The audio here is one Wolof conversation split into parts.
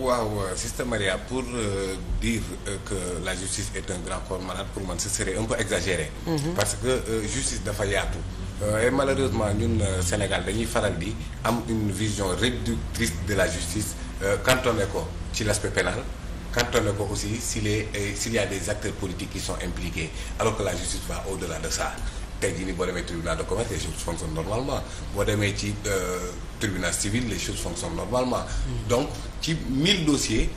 waaw sister Maria pour euh, dire euh, que la justice est un grand corps malade pour man ce serait un peu exagéré. Mhm. parce que euh, justice dafa yaatu. Euh, malheureusement ñun euh, Sénégal dañuy faral di am une vision réductrice de la justice cantonné euh, ko ci l'aspect pénal cantonné ko aussi s'il est s'il y a des acteurs politiques qui sont impliqués alors que la justice va au-delà de ça tey jii boo demee tribunal de commerce les choses normalement boo demee ci. tribunal civil les choses fonctionnent normalement. donc ci mille dossiers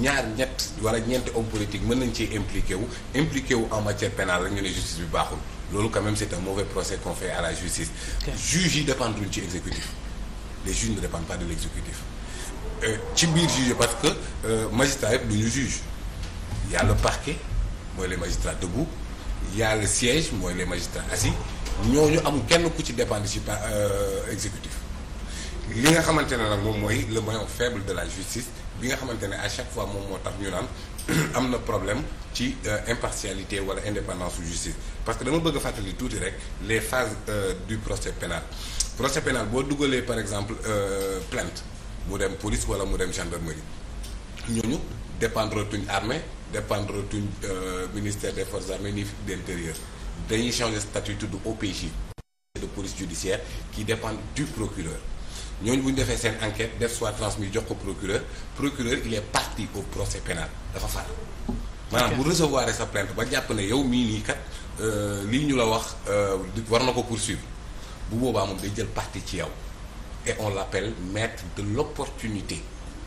ñaar ñett wala ñeenti homme politique mën nañ ci impliqué wu impliqué wu en matière pénale rek ñu ne justice bi baaxul loolu quand même c'est un mauvais procès qu'on fait à la justice. juge yi dépendre luñ ci exécutif les juges ne dépendent pas de l'exécutif euh, ci biir juge parce que euh, magistrat yëpp du ñu juge y a le mooy les magistrats debout y a le siège mooy les magistrats assis ñooñu amul kenn ku ci dépendre euh, li nga xamante ne nag moom mooy le maillon faible de la justice bi nga xamante ne à chaque fois moom moo tax ñu naan am na problème ci euh, impartialité wala indépendance su justice parce que dama bëgg fàttali tuuti rek les phases euh, du procès pénal procès pénal boo dugalee par exemple euh, plainte mu dem police wala mu dem gendarmerie ñooñu dépendre tuñ armée dépendre tuñ ministère de forces armées ni d'intérieur dañuy changer statut tudd OPJ de police judiciaire qui dépend du procureur ñooñu bu ñu defee seen enquête def soit transmis jox ko procureur procureur il est parti au procès pénal dafa far maanaam bu recevoir sa plainte ba jàpp ne yow mii nii kat euh, lii ñu la wax euh, war na ko poursuivre bu boobaa moom day jël parti ci yow et on l'appelle maître de l'opportunité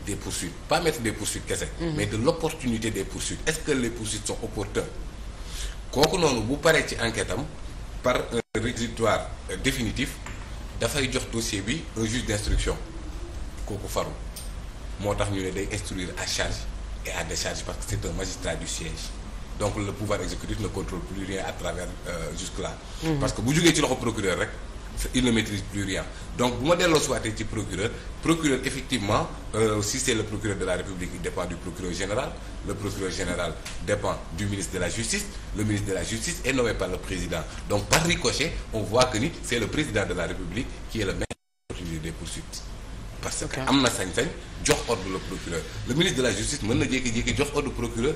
des poursuites pas maître des poursuites kese mhm. mais de l'opportunité des poursuites est-ce que les poursuites sont opportunes kooku noonu bu paree ci enquête am par un réquisitoire euh, définitif dafay jox dossier bi un juge d'instruction kooku faru moo tax ñu ne day instruire à charge et à décharge parce que c'est un magistrat du siège donc le pouvoir exécutif ne contrôle plus à travers euh, jusque là. Mmh. parce que bu jógee ci loxo procureur rek. il ne maîtrise plus rien donc bu ma delloo suwaatee ci procureur procureur effectivement euh, si c'est le procureur de la République dépend du procureur général le procureur général dépend du ministre de la justice le ministre de la justice est nommé par le président donc par on voit que ni c'est le président de la République qui est le maître des poursuites parce que am na sañ-sañ jox ordre le procureur le la procureur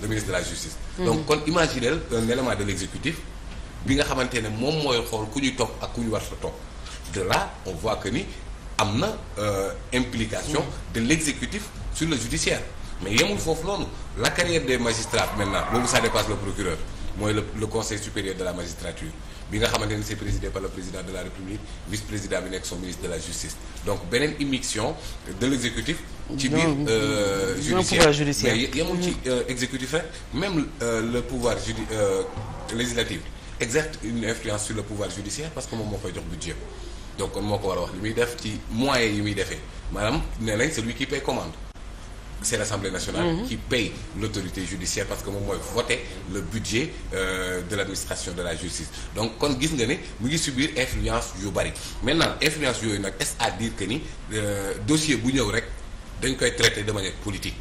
le ministre de la justice hmm. bi nga xamante ne moom mooy xool ku ñuy topp ak ku ñu war sa topp de là on voit que ni am na euh, implication de l'exécutif sur le judiciaire mais yemul foofu noonu la carrière des magistrats maintenant boobu ça dépasse le procureur mooy le le conseil supérieur de la magistrature bi nga xamante ne c'est présidé par le président de la république vice-président bi nekk son ministre de la justice donc beneen immixtion de l'exécutif ci biir euh, judiciaire mais yemul euh, le pouvoir judi législatif exerce une influence sur le pouvoir judiciaire parce que moom moo koy jox budget donc kon moo ko war a wax li muy def ci moyens yi muy defee maanaam nee nañ celui qui paie commande c'est l'Assemblée nationale mm -hmm. qui paie l'autorité judiciaire parce que moom mooy voter le budget euh, de l'administration de la justice donc kon gis nga ne mu ngi subir influence yu bari maintenant influence yooyu nag est-ce à dire que ni euh, dossier bu ñëw rek dañ koy traité de manière politique